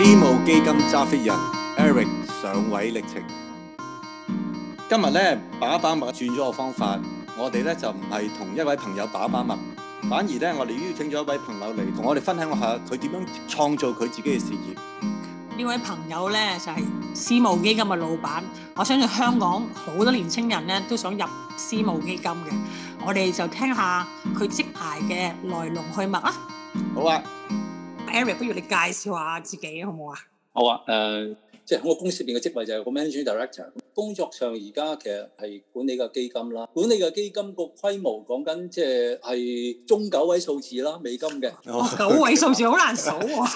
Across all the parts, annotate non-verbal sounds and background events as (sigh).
私募基金揸 fit 人 Eric 上位歷程，今日咧把把脈轉咗個方法，我哋咧就唔係同一位朋友把把脈，反而咧我哋邀請咗一位朋友嚟同我哋分享下佢點樣創造佢自己嘅事業。呢位朋友咧就係、是、私募基金嘅老闆，我相信香港好多年青人咧都想入私募基金嘅，我哋就聽下佢執牌嘅來龍去脈啊。好啊。Eric，不如你介紹下自己好唔好啊？好啊，誒。即係我公司入邊嘅職位就係個 Managing Director。工作上而家其實係管理個基金啦，管理個基金個規模講緊即係係中九位數字啦，美金嘅。九位數字好難數喎，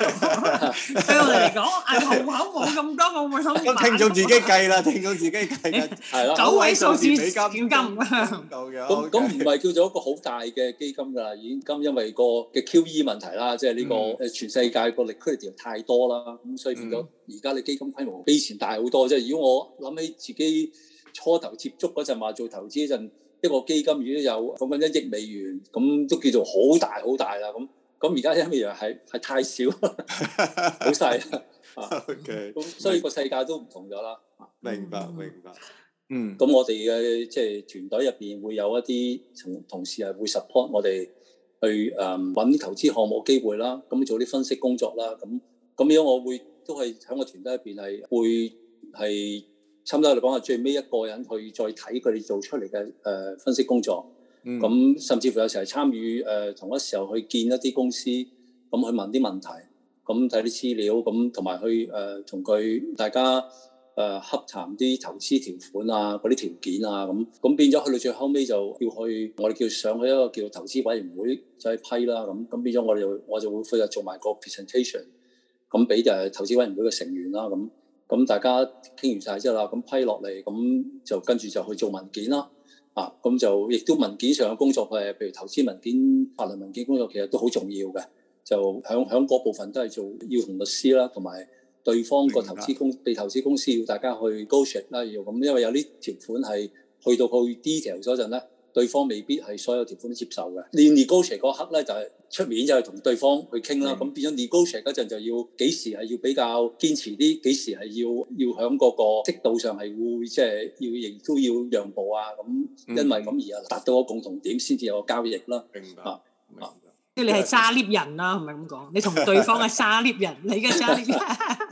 對我嚟講，戶口冇咁多，我冇心。都聽眾自己計啦，聽眾自己計啦。係九位數字美金。咁唔係叫做一個好大嘅基金㗎啦，已經因為個嘅 QE 問題啦，即係呢個誒全世界個 liquidity 太多啦，咁所以變咗。而家嘅基金規模比以前大好多即係。如果我諗起自己初頭接觸嗰陣，話做投資嗰陣，一個基金已經有講緊一億美元，咁都叫做好大好大啦。咁咁而家因為係係太少，好細。OK，咁所以個世界都唔同咗啦。明白，嗯、明白，明白。嗯，咁我哋嘅即係團隊入邊會有一啲同同事係會 support 我哋去誒揾、嗯、投資項目機會啦。咁做啲分析工作啦。咁咁樣我會。都係喺我團隊入邊係會係差唔多。我哋講下最尾一個人去再睇佢哋做出嚟嘅誒分析工作。咁、嗯、甚至乎有時係參與誒、呃、同一時候去見一啲公司，咁、嗯、去問啲問題，咁睇啲資料，咁同埋去誒同佢大家誒洽、呃、談啲投資條款啊、嗰啲條件啊咁。咁、嗯嗯、變咗去到最後尾就要去我哋叫上去一個叫投資委員會再批啦。咁、嗯、咁、嗯、變咗我哋就我就會負責做埋個 presentation。咁俾就係投資委員會嘅成員啦，咁咁大家傾完晒之後啦，咁批落嚟，咁就跟住就去做文件啦，啊，咁就亦都文件上嘅工作嘅，譬如投資文件、法律文件工作，其實都好重要嘅，就響響嗰部分都係做要同律師啦，同埋對方個投資公被投資公司要大家去 go 啦，要咁，因為有啲條款係去到去 detail 嗰陣咧。對方未必係所有條款都接受嘅。連 negotiate 嗰刻咧，就係、是、出面就係同對方去傾啦。咁、嗯、變咗 negotiate 嗰陣就要幾時係要比較堅持啲，幾時係要要響嗰個適度上係會即係、就是、要亦都要讓步啊。咁因為咁而啊達到個共同點，先至有個交易啦。明白，明白。啊、即係你係揸 fit 人啦、啊，係咪咁講？你同對方係揸 fit 人，你嘅揸 fit 人。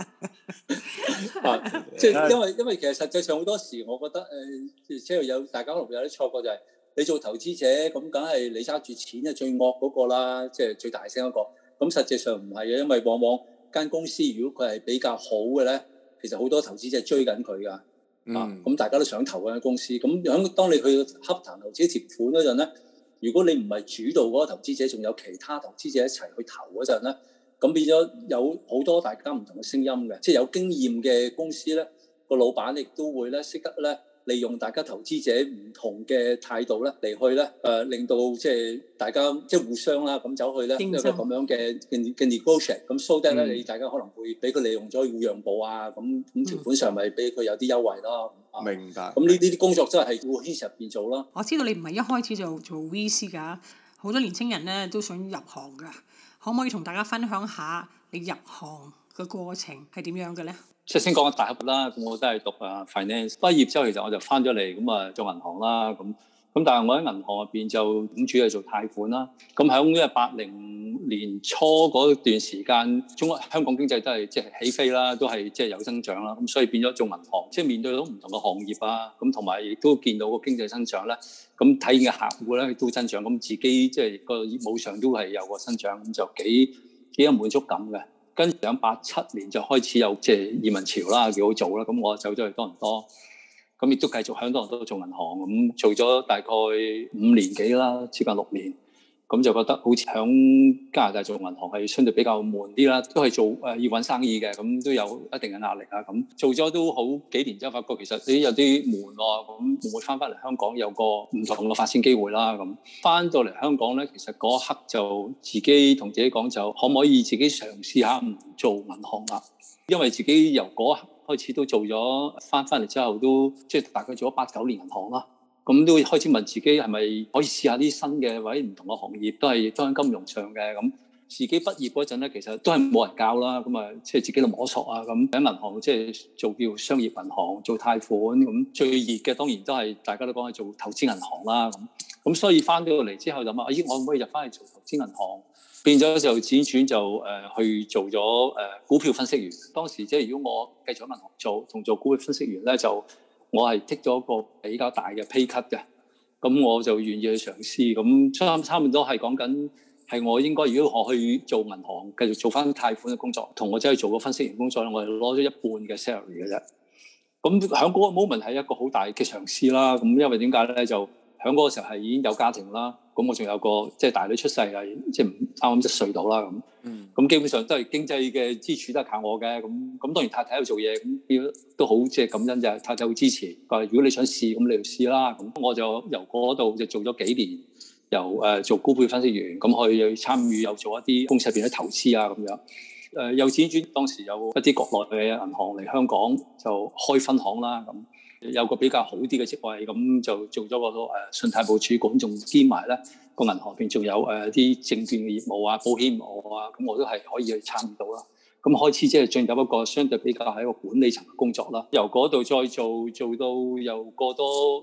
啊，即係因為因為其實實際上好多時，我覺得誒，而、呃、且有大家有啲錯覺就係、是。你做投資者，咁梗係你揸住錢就最惡嗰個啦，即係最大聲嗰、嗰個。咁實際上唔係嘅，因為往往間公司如果佢係比較好嘅咧，其實好多投資者追緊佢噶。啊、嗯，咁大家都想投嗰間公司。咁響當你去洽談投資接款嗰陣咧，如果你唔係主導嗰個投資者，仲有其他投資者一齊去投嗰陣咧，咁變咗有好多大家唔同嘅聲音嘅。即係有經驗嘅公司咧，個老闆亦都會咧識得咧，利用大家投資者唔同嘅態度咧嚟去咧，誒、呃、令到即係、呃、大家即係互相啦、啊、咁走去咧，正正一個咁樣嘅嘅 negotiate。咁 neg so that 咧、嗯，你大家可能會俾佢利用咗互讓步啊，咁咁條款上咪俾佢有啲優惠咯。啊、明白。咁呢呢啲工作真係喺 VC 入邊做咯。我知道你唔係一開始就做 VC 噶，好多年青人咧都想入行噶，可唔可以同大家分享下你入行嘅過程係點樣嘅咧？即係先講個大學啦，我都係讀啊 finance，畢業之後其實我就翻咗嚟，咁啊做銀行啦，咁咁但係我喺銀行入邊就主要係做貸款啦。咁喺呢個八零年初嗰段時間，中香港經濟都係即係起飛啦，都係即係有增長啦。咁所以變咗做銀行，即係面對到唔同嘅行業啊，咁同埋亦都見到個經濟增長咧，咁體現嘅客戶咧都增長，咁自己即係個業務上都係有個增長，咁就幾幾有滿足感嘅。跟上八七年就開始有即移民潮啦，幾好做啦。咁、嗯、我走咗去多倫多，咁亦都繼續響多倫多做銀行。嗯、做咗大概五年幾啦，接近六年。咁就覺得好似喺加拿大做銀行係相對比較悶啲啦，都係做誒、呃、要搵生意嘅，咁都有一定嘅壓力啊。咁做咗都好幾年之後，發覺其實你有啲悶啊，咁會唔會返返嚟香港有個唔同嘅發展機會啦？咁返到嚟香港咧，其實嗰一刻就自己同自己講，就可唔可以自己嘗試下唔做銀行啦、啊？因為自己由嗰一刻開始都做咗返返嚟之後都，都即係大概做咗八九年銀行啦、啊。咁、嗯、都開始問自己係咪可以試下啲新嘅或者唔同嘅行業，都係都喺金融上嘅咁、嗯。自己畢業嗰陣咧，其實都係冇人教啦，咁、嗯、啊，即係自己都摸索啊咁。喺、嗯、銀行即係做叫商業銀行做貸款，咁、嗯、最熱嘅當然都係大家都講係做投資銀行啦咁。咁、嗯嗯、所以翻到嚟之後就問：咦、哎，我可唔可以入翻去做投資銀行？變咗就輾轉就誒、呃、去做咗誒、呃、股票分析員。當時即係如果我繼續喺銀行做，同做股票分析員咧就。呢呢我係剔咗一個比較大嘅 pay cut 嘅，咁我就願意去嘗試。咁差差唔多係講緊係我應該如果我去做銀行，繼續做翻貸款嘅工作，同我真係做個分析員工作，我係攞咗一半嘅 salary 嘅啫。咁響嗰個 moment 係一個好大嘅嘗試啦。咁因為點解咧就？喺嗰個時候係已經有家庭啦，咁我仲有個即係、即係、大女出世係即係啱啱即係歲到啦咁。咁、就是嗯、基本上都係經濟嘅支柱都係靠我嘅咁，咁當然太太喺度做嘢，咁都好即係感恩就係太太好支持。佢如果你想試，咁你就試啦。咁我就由嗰度就做咗幾年，由誒、呃、做高配分析員，咁去參與又做一啲公司入邊嘅投資啊咁樣。誒有錢轉當時有一啲國內嘅銀行嚟香港就開分行啦咁。有個比較好啲嘅職位，咁就做咗個誒信貸部主管，仲兼埋咧個銀行邊仲有誒啲證券嘅業務啊、保險我啊，咁我都係可以去參與到啦。咁開始即係進入一個相對比較係一個管理層嘅工作啦。由嗰度再做做到又過多誒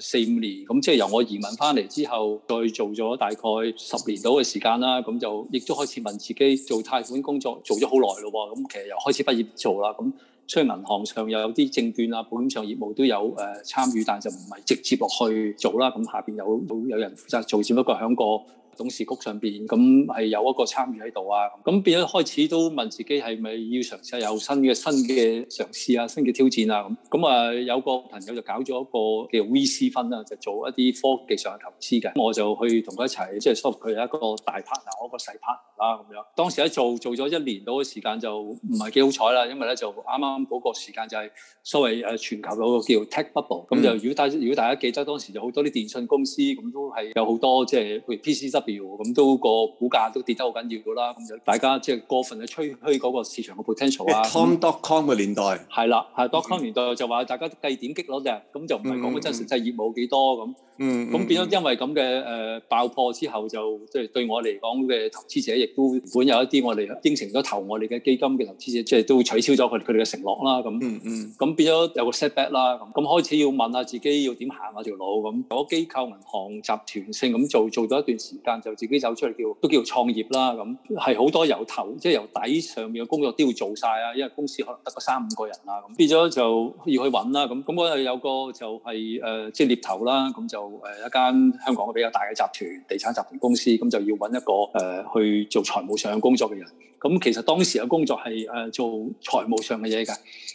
四五年，咁即係由我移民翻嚟之後，再做咗大概十年到嘅時間啦。咁就亦都開始問自己做貸款工作做咗好耐咯，咁其實又開始畢業做啦。咁。所以銀行上又有啲證券啊、保險上業務都有誒、呃、參與，但就唔係直接落去做啦。咁下面有、有、有人負責做，只不過喺個董事局上邊咁係有一個參與喺度啊，咁變咗開始都問自己係咪要嘗試有新嘅新嘅嘗試啊，新嘅挑戰啊咁。咁啊有個朋友就搞咗一個叫 VC Fund 啦，就做一啲科技上嘅投資嘅。我就去同佢一齊，即係幫佢一個大 partner，我個細 partner 啦咁樣。當時一做做咗一年到嘅時間就唔係幾好彩啦，因為咧就啱啱嗰個時間就係、是、所謂誒全球有個叫 Tech Bubble，咁、嗯、就如果大如果大家記得當時就好多啲電信公司咁都係有好多即係譬如 PCCW。咁都個股價都跌得好緊要㗎啦，咁就大家即係過分去吹噓嗰個市場嘅 potential 啊。Tom.com 嘅那年代係啦，係 dot、mm hmm. com 年代就話大家計點擊率啫，咁就唔係講緊真實際業務幾多咁。咁、mm hmm. 變咗因為咁嘅誒爆破之後就，就即係對我嚟講嘅投資者亦都本有一啲我哋應承咗投我哋嘅基金嘅投資者，即、就、係、是、都取消咗佢佢哋嘅承諾啦。咁，嗯咁變咗有個 setback 啦。咁開始要問下自己要點行下條路咁。嗰機構銀行集團性咁做做咗一段時間。就自己走出嚟叫，都叫創業啦咁，係好多由頭，即係由底上面嘅工作都要做晒啊，因為公司可能得個三五個人啊，咁，變咗就要去揾啦咁。咁我係有個就係誒即係獵頭啦，咁就誒、呃、一間香港嘅比較大嘅集團地產集團公司，咁就要揾一個誒、呃、去做財務上嘅工作嘅人。咁其實當時嘅工作係誒、呃、做財務上嘅嘢嘅，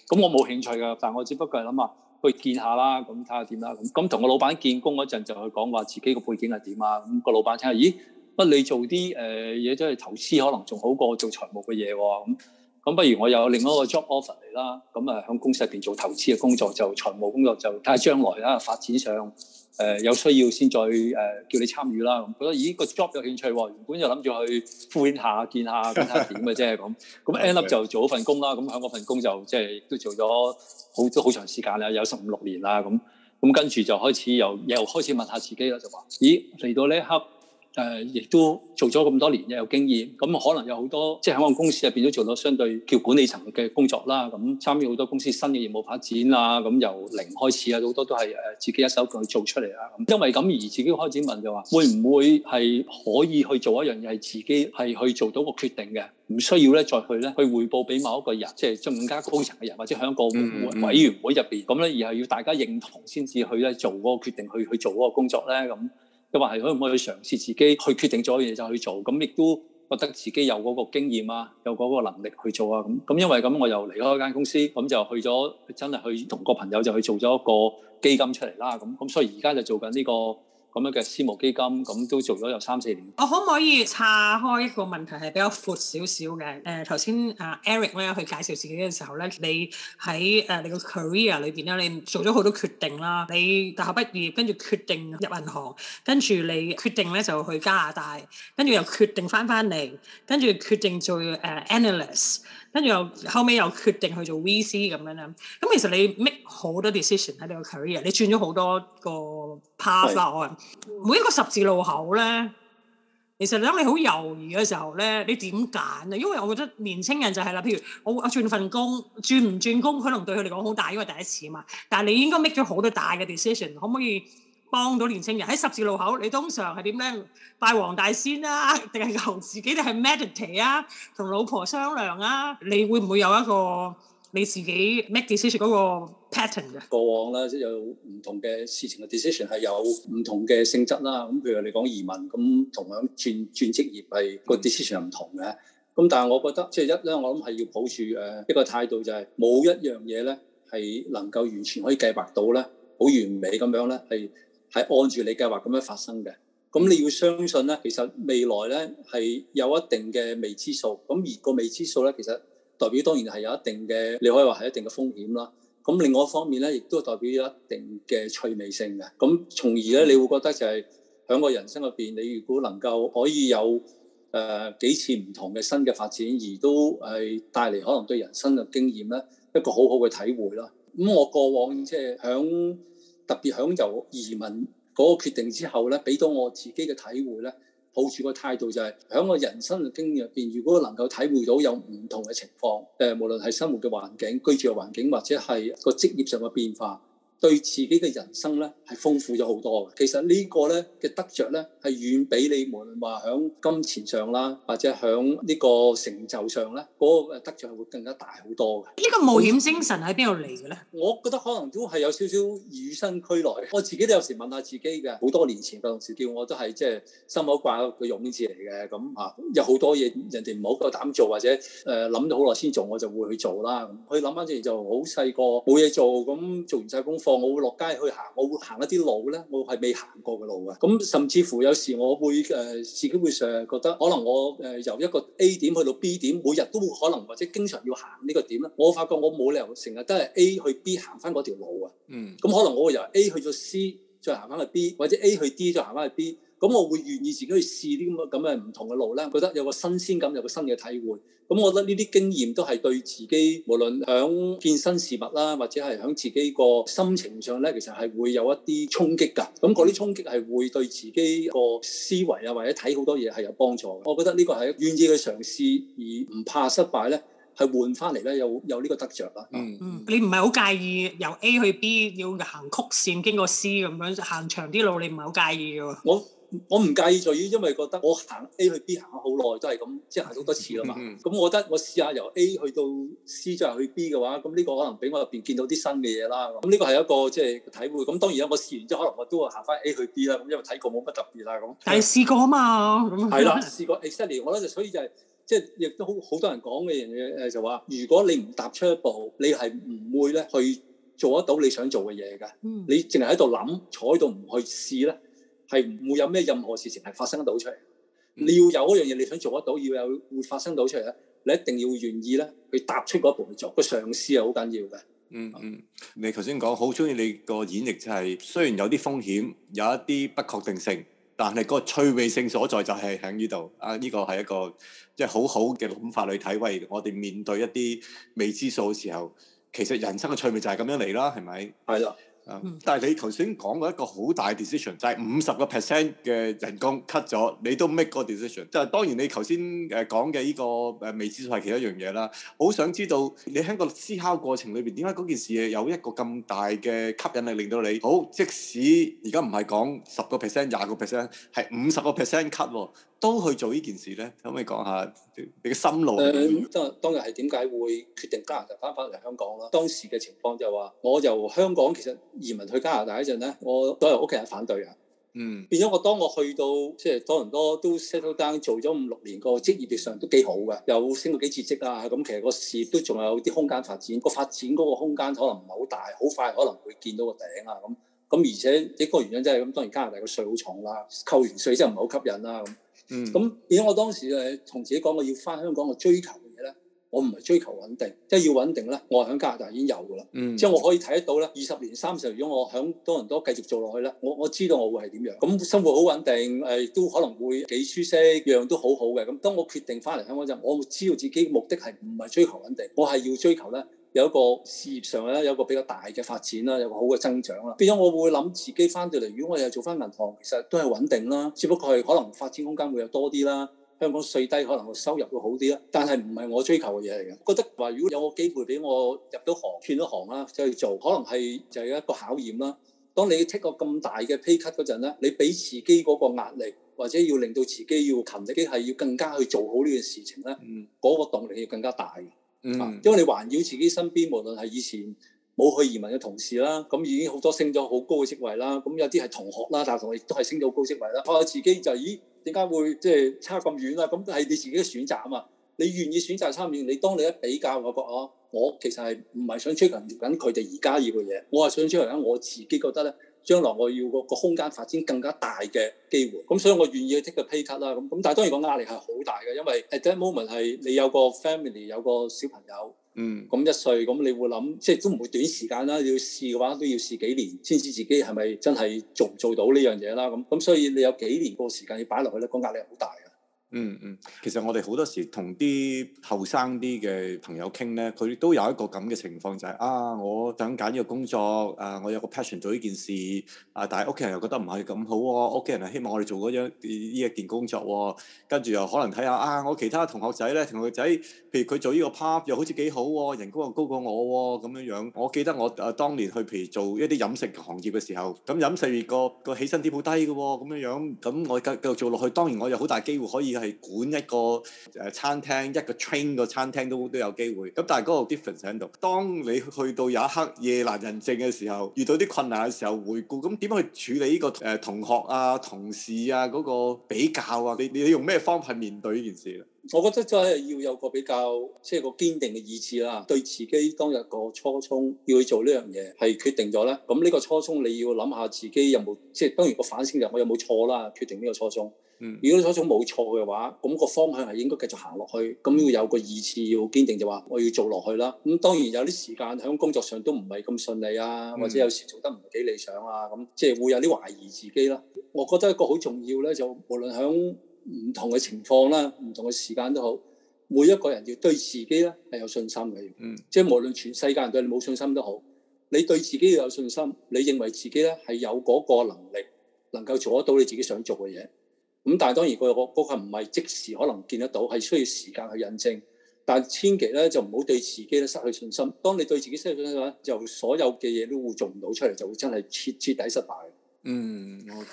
咁我冇興趣㗎，但我只不過係諗下。去見下啦，咁睇下點啦，咁咁同個老闆見工嗰陣就去講話自己個背景係點啊，咁個老闆聽下，咦，乜你做啲誒嘢真係投資，可能仲好過做財務嘅嘢喎咁。嗯。咁不如我有另外一個 job offer 嚟啦，咁啊喺公司入邊做投資嘅工作，就財務工作就睇下將來啊發展上，誒、呃、有需要先再誒、呃、叫你參與啦。覺得咦、這個 job 有興趣喎，原本就諗住去敷衍下、見下、睇下點嘅啫咁。咁 (laughs) end up 就做咗份工啦，咁喺嗰份工就即係、就係、都做咗好都好長時間啦，有十五六年啦咁。咁跟住就開始又又開始問下自己啦，就話咦嚟到呢一刻。誒，亦、呃、都做咗咁多年嘅有經驗，咁、嗯、可能有好多，即喺我公司入邊都做咗相對叫管理層嘅工作啦。咁參與好多公司新嘅業務發展啊，咁、嗯、由零開始啊，好多都係誒自己一手去做出嚟啊。咁、嗯、因為咁而自己開始問就話，會唔會係可以去做一樣嘢，係自己係去做到個決定嘅，唔需要咧再去咧去匯報俾某一個人，即係更加高層嘅人，或者喺個委員會入邊咁咧，嗯嗯、而係要大家認同先至去咧做嗰個決定，去去做嗰個工作咧咁。嗯嗯又話係可唔可以嘗試自己去決定咗一樣嘢就去做，咁亦都覺得自己有嗰個經驗啊，有嗰個能力去做啊，咁咁因為咁，我又離開間公司，咁就去咗真係去同個朋友就去做咗一個基金出嚟啦、啊，咁咁所以而家就做緊呢、這個。咁樣嘅私募基金，咁都做咗有三四年。我可唔可以岔開一個問題，係比較闊少少嘅？誒頭先啊 Eric 咧，去介紹自己嘅時候咧，你喺誒你個 career 裏邊咧，你做咗好多決定啦。你大學畢業，跟住決定入銀行，跟住你決定咧就去加拿大，跟住又決定返返嚟，跟住決定做誒 analyst。.跟住又後尾又決定去做 VC 咁樣咧，咁、嗯、其實你 make 好多 decision 喺你個 career，你轉咗好多個 path 啦是，我話每一個十字路口咧，其實當你好猶豫嘅時候咧，你點揀啊？因為我覺得年輕人就係啦，譬如我轉份工，轉唔轉工可能對佢嚟講好大，因為第一次嘛。但係你應該 make 咗好多大嘅 decision，可唔可以？幫到年青人喺十字路口，你通常係點咧？拜黃大仙啦，定係由自己定係 meditate 啊？同老婆商量啊？你會唔會有一個你自己 make decision 嗰個 pattern 嘅？過往啦，即有唔同嘅事情嘅 decision 係有唔同嘅性質啦。咁譬如你講移民，咁同樣轉轉職業係個 decision 唔同嘅。咁但係我覺得即係一咧，我諗係要抱住誒一個態度，就係冇一樣嘢咧係能夠完全可以計劃到咧，好完美咁樣咧係。係按住你計劃咁樣發生嘅，咁你要相信咧，其實未來呢係有一定嘅未知數，咁而個未知數呢，其實代表當然係有一定嘅，你可以話係一定嘅風險啦。咁另外一方面呢，亦都代表有一定嘅趣味性嘅，咁從而呢，你會覺得就係響個人生入邊，你如果能夠可以有誒、呃、幾次唔同嘅新嘅發展，而都係帶嚟可能對人生嘅經驗咧，一個好好嘅體會啦。咁我過往即係響。特別響由移民嗰個決定之後咧，俾到我自己嘅體會咧，抱住個態度就係、是、喺我人生嘅經驗入邊，如果能夠體會到有唔同嘅情況，誒、呃、無論係生活嘅環境、居住嘅環境，或者係個職業上嘅變化。對自己嘅人生咧係豐富咗好多嘅，其實個呢個咧嘅得着咧係遠比你無論話喺金錢上啦，或者喺呢個成就上咧嗰個得着係會更加大好多嘅。呢個冒險精神喺邊度嚟嘅咧？我覺得可能都係有少少與生俱來。我自己都有時問下自己嘅。好多年前嘅同事叫我都係即係心口掛個勇字嚟嘅咁啊，有好多嘢人哋唔好夠膽做，或者誒諗咗好耐先做，我就會去做啦。佢諗翻轉就好細個冇嘢做，咁做完晒功課。我會落街去行，我會行一啲路咧，我係未行過嘅路嘅。咁甚至乎有時我會、呃、自己會成日覺得可能我誒、呃、由一個 A 點去到 B 點，每日都會可能或者經常要行呢個點咧。我發覺我冇理由成日都係 A 去 B 行翻嗰條路啊。嗯，咁可能我會由 A 去到 C。再行翻去 B 或者 A 去 D 再行翻去 B，咁我會願意自己去試啲咁嘅咁嘅唔同嘅路咧，覺得有個新鮮感，有個新嘅體會。咁我覺得呢啲經驗都係對自己，無論喺見新事物啦，或者係喺自己個心情上咧，其實係會有一啲衝擊㗎。咁嗰啲衝擊係會對自己個思維啊，或者睇好多嘢係有幫助。我覺得呢個係願意去嘗試而唔怕失敗咧。係換翻嚟咧，有有呢個得着啦。嗯嗯，嗯，你唔係好介意由 A 去 B 要行曲線經過 C 咁樣行長啲路，你唔係好介意㗎喎。我我唔介意在於，因為覺得我行 A 去 B 行咗好耐都係咁，即係行咗好多次啦嘛。咁 (laughs) 我覺得我試下由 A 去到 C 再去 B 嘅話，咁呢個可能俾我入邊見到啲新嘅嘢啦。咁呢個係一個即係體會。咁當然啦，我試完之後可能我都會行翻 A 去 B 啦。咁因為睇過冇乜特別啦咁。但係試過啊嘛，咁係啦，試 (laughs) 過。exactly 我覺得就所以就係即係亦都好好多人講嘅嘢誒，就話如果你唔踏出一步，你係唔會咧去做得到你想做嘅嘢嘅。嗯、你淨係喺度諗，坐喺度唔去試咧。係唔會有咩任何事情係發生到出嚟？嗯、你要有嗰樣嘢你想做得到，要有會發生到出嚟咧，你一定要願意咧去踏出嗰一步去做。個嘗試係好緊要嘅。嗯嗯，你頭先講好中意你個演繹就係、是，雖然有啲風險，有一啲不確定性，但係嗰個趣味性所在就係喺呢度。啊，呢個係一個即係、就是、好好嘅諗法嚟體會我哋面對一啲未知數嘅時候，其實人生嘅趣味就係咁樣嚟啦，係咪？係啦。嗯、但係你頭先講過一個好大 decision，就係五十個 percent 嘅人工 cut 咗，你都 make 個 decision。就當然你頭先誒講嘅呢個誒未知數係其中一樣嘢啦。好想知道你喺個思考過程裏邊點解嗰件事有一個咁大嘅吸引力令到你好？即使而家唔係講十個 percent、廿個 percent，係五十個 percent cut 喎。都去做呢件事咧，可唔可以講下你嘅心路？誒、嗯，當當日係點解會決定加拿大翻返嚟香港啦？當時嘅情況就話，我由香港其實移民去加拿大嗰陣咧，我都係屋企人反對嘅。嗯，變咗我當我去到即係多倫多都 settle down 做咗五六年，個職業上都幾好嘅，又升到幾次職啊。咁其實個事業都仲有啲空間發展，個發展嗰個空間可能唔係好大，好快可能會見到個頂啊。咁咁而且一個原因即係咁，當然加拿大個稅好重啦、啊，扣完稅之後唔係好吸引啦、啊、咁。嗯，咁如果我當時誒同、呃、自己講，我要翻香港我追求嘅嘢咧，我唔係追求穩定，即係要穩定咧，我喺加拿大已經有噶啦，嗯、即係我可以睇得到咧，二十年、三十年，如果我響多倫多繼續做落去咧，我我知道我會係點樣，咁、嗯、生活好穩定，誒、呃、都可能會幾舒適，樣都好好嘅，咁當我決定翻嚟香港就，我知道自己嘅目的係唔係追求穩定，我係要追求咧。有一個事業上咧有一個比較大嘅發展啦，有個好嘅增長啦。變咗我會諗自己翻到嚟，如果我又做翻銀行，其實都係穩定啦，只不過係可能發展空間會有多啲啦。香港稅低，可能收入會好啲啦。但係唔係我追求嘅嘢嚟嘅。覺得話如果有個機會俾我入到行，轉咗行啦，再做，可能係就有、係、一個考驗啦。當你 take a 個咁大嘅 pay cut 嗰陣咧，你俾自己嗰個壓力，或者要令到自己要勤力啲，係要更加去做好呢件事情咧，嗰、嗯、個動力要更加大。嗯，因為你環繞自己身邊，無論係以前冇去移民嘅同事啦，咁已經好多升咗好高嘅職位啦，咁有啲係同學啦，但同亦都係升咗高職位啦。我自己就係、咦，點解會即係差咁遠啊？咁都係你自己嘅選擇啊嘛。你願意選擇差咁遠，你當你一比較嗰個，我其實係唔係想追求緊佢哋而家要嘅嘢，我係想追求緊我自己覺得咧。將來我要個空間發展更加大嘅機會，咁所以我願意去 take 個 pay cut 啦，咁咁但係當然個壓力係好大嘅，因為 at that moment 係你有個 family 有個小朋友，嗯，咁一歲，咁你會諗，即係都唔會短時間啦，要試嘅話都要試幾年，先知自己係咪真係做唔做到呢樣嘢啦，咁咁所以你有幾年個時間要擺落去咧，個壓力係好大嘅。嗯嗯，其實我哋好多時同啲後生啲嘅朋友傾咧，佢都有一個咁嘅情況就係、是、啊，我想揀呢個工作啊，我有個 passion 做呢件事啊，但係屋企人又覺得唔係咁好喎，屋、啊、企人係希望我哋做嗰樣呢一件工作喎，跟、啊、住又可能睇下啊，我其他同學仔咧，同學仔，譬如佢做呢個 part 又好似幾好喎，人工又高過我喎，咁、啊、樣樣。我記得我啊當年去譬如做一啲飲食行業嘅時候，咁飲食業、那個、那個起薪點好低嘅喎，咁、啊、樣樣，咁我繼續做落去，當然我有好大機會可以。係管一個誒、呃、餐廳，一個 train 個餐廳都都有機會。咁但係嗰個 difference 喺度。當你去到有一刻夜闌人靜嘅時候，遇到啲困難嘅時候，回顧咁點樣去處理呢、這個誒、呃、同學啊、同事啊嗰、那個比較啊？你你用咩方法去面對呢件事咧？我覺得真係要有個比較，即係個堅定嘅意志啦。對自己當日個初衷，要去做呢樣嘢，係決定咗咧。咁呢個初衷，你要諗下自己有冇，即係當然個反省，就我有冇錯啦。決定呢個初衷，如果初衷冇錯嘅話，咁個方向係應該繼續行落去。咁要有個意志要堅定，就話我要做落去啦。咁當然有啲時間喺工作上都唔係咁順利啊，或者有時做得唔幾理想啊，咁即係會有啲懷疑自己啦。我覺得一個好重要呢，就無論喺唔同嘅情況啦，唔同嘅時間都好，每一個人要對自己咧係有信心嘅。嗯，即係無論全世界人對你冇信心都好，你對自己要有信心，你認為自己咧係有嗰個能力，能夠做得到你自己想做嘅嘢。咁但係當然、嗰個、嗰個嗰個唔係即時可能見得到，係需要時間去印證。但係千祈咧就唔好對自己咧失去信心。當你對自己失去信心嘅話，就所有嘅嘢都會做唔到出嚟，就會真係徹徹底底失敗。嗯、mm hmm.，OK。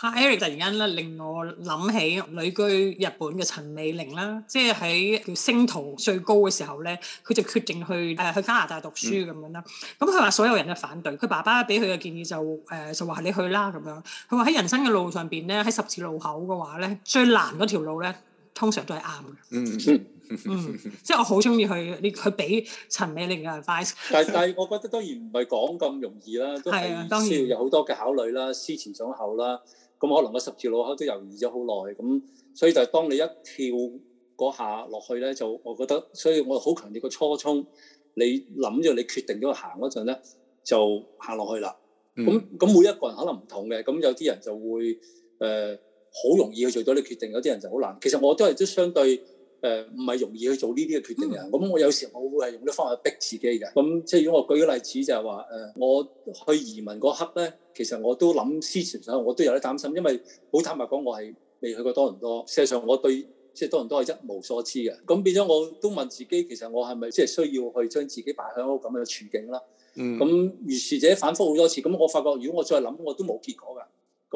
阿 Eric 突然間咧，令我諗起旅居日本嘅陳美玲啦，即係喺叫星途最高嘅時候咧，佢就決定去誒、呃、去加拿大讀書咁、mm hmm. 樣啦。咁佢話所有人嘅反對，佢爸爸俾佢嘅建議就誒、呃、就話你去啦咁樣。佢話喺人生嘅路上邊咧，喺十字路口嘅話咧，最難嗰條路咧，通常都係啱嘅。嗯、mm。Hmm. (laughs) (laughs) 嗯，即係我好中意佢，你佢俾陳美玲嘅 advice 但係但係，我覺得當然唔係講咁容易啦，當然有好多嘅考慮啦，思前想後啦。咁可能個十字路口都猶豫咗好耐，咁所以就係當你一跳嗰下落去咧，就我覺得，所以我好強烈個初衷。你諗住你決定咗行嗰陣咧，就行落去啦。咁咁、嗯、每一個人可能唔同嘅，咁有啲人就會誒好、呃、容易去做到你決定，有啲人就好難。其實我都係都相對。誒唔係容易去做呢啲嘅決定、嗯、啊！咁我有時我會係用啲方法逼自己嘅。咁即係如果我舉個例子就係話，誒、呃、我去移民嗰刻咧，其實我都諗思前想後，我都有啲擔心，因為好坦白講，我係未去過多倫多。事實上，我對即係多倫多係一無所知嘅。咁變咗我都問自己，其實我係咪即係需要去將自己擺喺一個咁嘅處境啦？咁、嗯、如是者反覆好多次，咁我發覺如果我再諗，我都冇結果。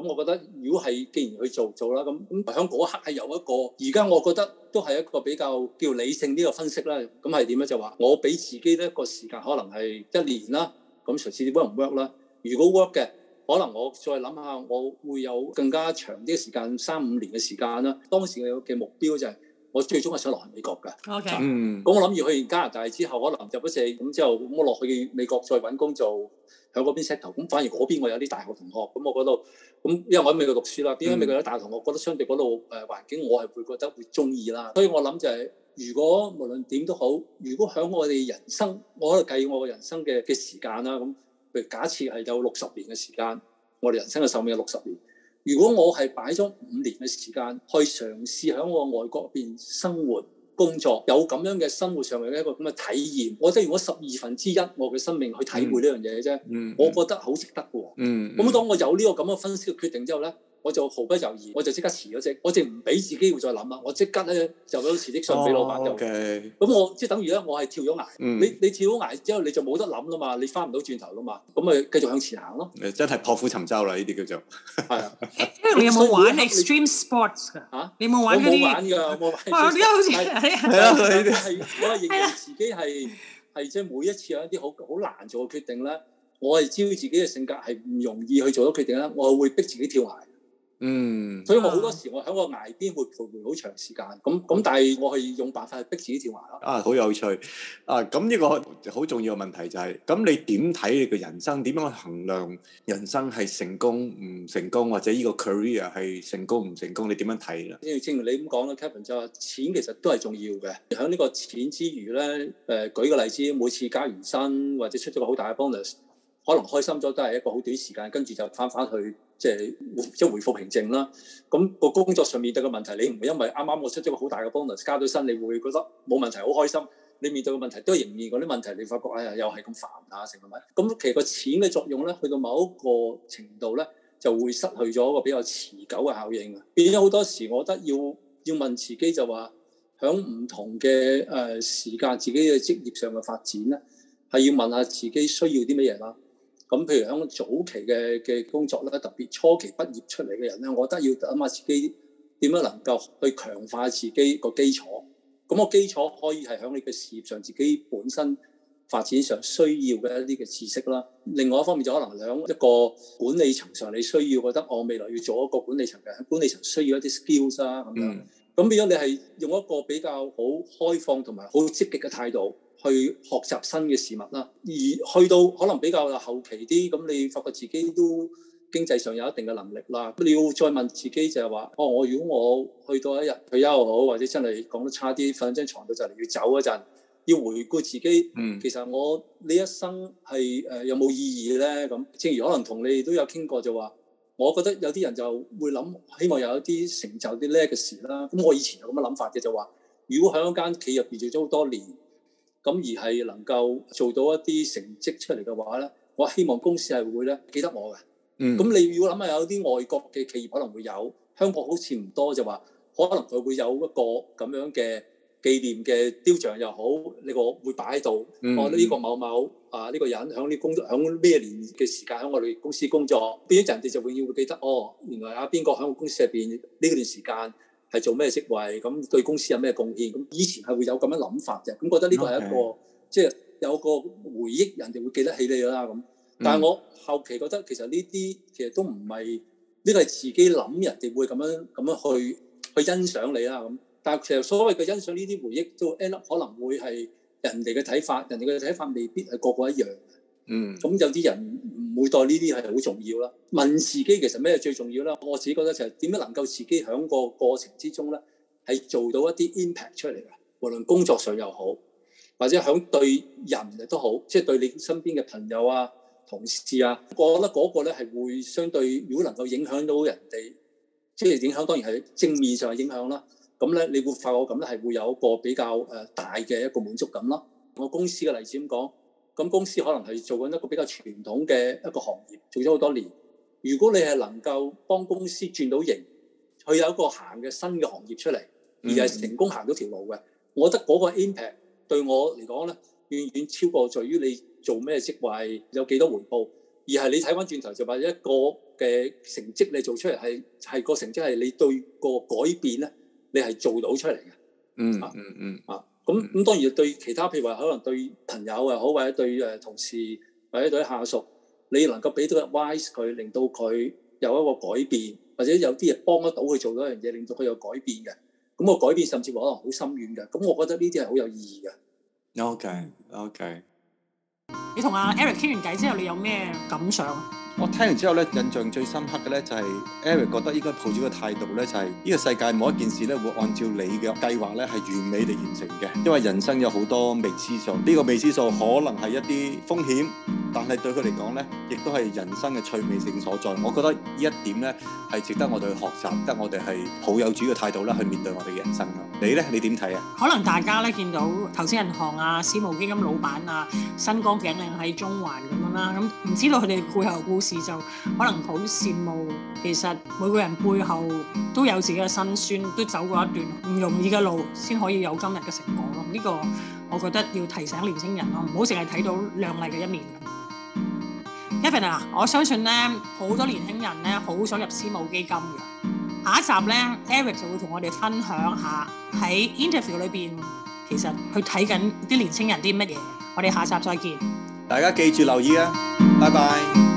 咁我覺得，如果係既然去做做啦，咁咁喺嗰刻係有一個，而家我覺得都係一個比較叫理性呢個分析啦。咁係點咧？就話、是、我俾自己呢一個時間，可能係一年啦。咁嘗試 work 唔 work 啦。如果 work 嘅，可能我再諗下，我會有更加長啲時間，三五年嘅時間啦。當時我嘅目標就係、是。我最終係想落去美國嘅，Okay. 嗯，咁我諗住去完加拿大之後，可能入咗籍，咁之後咁我落去美國再揾工做，喺嗰邊 set 頭，咁反而嗰邊我有啲大學同學，咁我嗰度，咁因為我喺美國讀書啦，點解美國有大學同學覺得相對嗰度誒環境，我係會覺得會中意啦。所以我諗就係、是，如果無論點都好，如果喺我哋人生，我喺度計我嘅人生嘅嘅時間啦，咁譬如假設係有六十年嘅時間，我哋人生嘅壽命有六十年。如果我係擺咗五年嘅時間去嘗試喺我外國邊生活工作，有咁樣嘅生活上面嘅一個咁嘅體驗，我即係用咗十二分之一我嘅生命去體會呢、嗯、樣嘢啫，嗯嗯、我覺得好值得嘅、哦。咁、嗯嗯嗯、當我有呢個咁嘅分析嘅決定之後咧。我就毫不猶豫，我就即刻辭咗職。我淨係唔俾自己會再諗啦，我即刻咧就攞辭職信俾老闆就。咁我即係等於咧，我係跳咗崖。你你跳咗崖之後，你就冇得諗啦嘛，你翻唔到轉頭啦嘛。咁咪繼續向前行咯。真係破釜沉舟啦！呢啲叫做係啊。你有冇玩 extreme sports 噶？嚇！你冇玩嗰啲？冇玩㗎，冇玩。係啊，係啊，係啊。係啊，係啊。係，我係認自己係，係即係每一次有一啲好難做嘅決定咧，我係知道自己嘅性格係唔容易去做到決定啦，我會逼自己跳崖。嗯，所以我好多時我喺個崖邊會徘徊好長時間，咁咁但係我係用辦法去逼自己跳崖咯。啊，好有趣！啊，咁呢個好重要嘅問題就係、是，咁你點睇你嘅人生？點樣去衡量人生係成功唔成功，或者呢個 career 係成功唔成功？你點樣睇咧？正如正如你咁講啦，Kevin 就話錢其實都係重要嘅。喺呢個錢之餘咧，誒、呃、舉個例子，每次加完薪或者出咗個好大嘅 bonus。可能開心咗都係一個好短時間，跟住就翻返去，即係即係回復、就是、平靜啦。咁、嗯、個工作上面對嘅問題，你唔會因為啱啱我出咗個好大嘅 bonus 加咗薪，你會覺得冇問題，好開心。你面對嘅問題都仍然嗰啲問題，你發覺哎呀又係咁煩啊，成個咪？咁、嗯、其實個錢嘅作用咧，去到某一個程度咧，就會失去咗一個比較持久嘅效應啊。變咗好多時，我覺得要要問自己就話，響唔同嘅誒、呃、時間，自己嘅職業上嘅發展咧，係要問下自己需要啲乜嘢啦。咁譬如響早期嘅嘅工作啦，特別初期畢業出嚟嘅人咧，我覺得要諗下自己點樣能夠去強化自己基、那個基礎，咁個基礎可以係響你嘅事業上，自己本身發展上需要嘅一啲嘅知識啦。另外一方面就可能響一個管理層上你需要覺得，我、哦、未來要做一個管理層嘅，管理層需要一啲 skills 啦咁樣，咁變咗你係用一個比較好開放同埋好積極嘅態度。去學習新嘅事物啦，而去到可能比較後期啲，咁你發覺自己都經濟上有一定嘅能力啦，你要再問自己就係話：哦，我如果我去到一日退休好，或者真係講得差啲，瞓喺張床度就嚟要走嗰陣，要回顧自己，其實我呢一生係誒、呃、有冇意義咧？咁，正如可能同你都有傾過就，就話我覺得有啲人就會諗，希望有一啲成就啲叻嘅事啦。咁我以前有咁嘅諗法嘅，就話如果喺嗰間企業入邊做咗好多年。咁而係能夠做到一啲成績出嚟嘅話咧，我希望公司係會咧記得我嘅。咁、嗯、你如果諗下有啲外國嘅企業可能會有，香港好似唔多就話，可能佢會有一個咁樣嘅紀念嘅雕像又好，呢個會擺喺度。哦、嗯，呢個某某啊呢、呢個人喺呢工作，喺咩年嘅時間喺我哋公司工作，邊一陣哋就永遠會記得哦，原來啊邊個喺我公司入邊呢段時間。係做咩職位咁，對公司有咩貢獻咁？以前係會有咁樣諗法嘅咁，覺得呢個係一個即係 Okay. 有個回憶，人哋會記得起你啦咁。但係我後期覺得其實呢啲其實都唔係，呢個係自己諗，人哋會咁樣咁樣去去欣賞你啦咁。但係其實所謂嘅欣賞呢啲回憶都 end up 可能會係人哋嘅睇法，人哋嘅睇法未必係個，個個一樣嘅。嗯，咁有啲人。會代呢啲係好重要啦。問自己其實咩最重要啦？我自己覺得就係點樣能夠自己響個過程之中咧，係做到一啲 impact 出嚟嘅，無論工作上又好，或者響對人亦都好，即係對你身邊嘅朋友啊、同事啊，我覺得嗰個咧係會相對，如果能夠影響到人哋，即係影響當然係正面上嘅影響啦。咁咧，你會發覺咁咧係會有一個比較誒大嘅一個滿足感咯。我公司嘅例子咁講。咁公司可能係做緊一個比較傳統嘅一個行業，做咗好多年。如果你係能夠幫公司轉到型，去有一個行嘅新嘅行業出嚟，而係成功行到條路嘅，我覺得嗰個 impact 對我嚟講咧，遠遠超過在於你做咩職位有幾多回報，而係你睇翻轉頭就話一個嘅成績你做出嚟係係個成績係你對個改變咧，你係做到出嚟嘅、嗯。嗯嗯嗯啊。啊咁咁、嗯、當然對其他，譬如話可能對朋友啊，好或者對誒、呃、同事或者對下屬，你能夠俾到個 advice 佢，令到佢有一個改變，或者有啲嘢幫得到佢做咗一樣嘢，令到佢有改變嘅。咁、那個改變甚至乎可能好深遠嘅。咁我覺得呢啲係好有意義嘅。OK OK。你同阿 Eric 傾完偈之後，你有咩感想？我聽完之後咧，印象最深刻嘅咧就係 Eric 覺得應該抱住嘅態度咧，就係呢個世界冇一件事咧會按照你嘅計劃咧係完美地完成嘅，因為人生有好多未知數，呢個未知數可能係一啲風險，但係對佢嚟講咧，亦都係人生嘅趣味性所在。我覺得呢一點咧係值得我哋去學習，得我哋係抱有主嘅態度啦，去面對我哋嘅人生咯。你咧，你點睇啊？可能大家咧見到投資銀行啊、私募基金老闆啊、身光頸靚喺中環咁樣啦，咁唔知道佢哋背後。事就可能好羨慕，其實每個人背後都有自己嘅辛酸，都走過一段唔容易嘅路，先可以有今日嘅成果咯。呢個我覺得要提醒年青人咯，唔好淨係睇到靚麗嘅一面。Evan 啊，我相信呢，好多年輕人呢好想入私募基金嘅。下一集呢，Eric 就會同我哋分享下喺 interview 裏邊，其實去睇緊啲年青人啲乜嘢。我哋下集再見，大家記住留意啊，拜拜。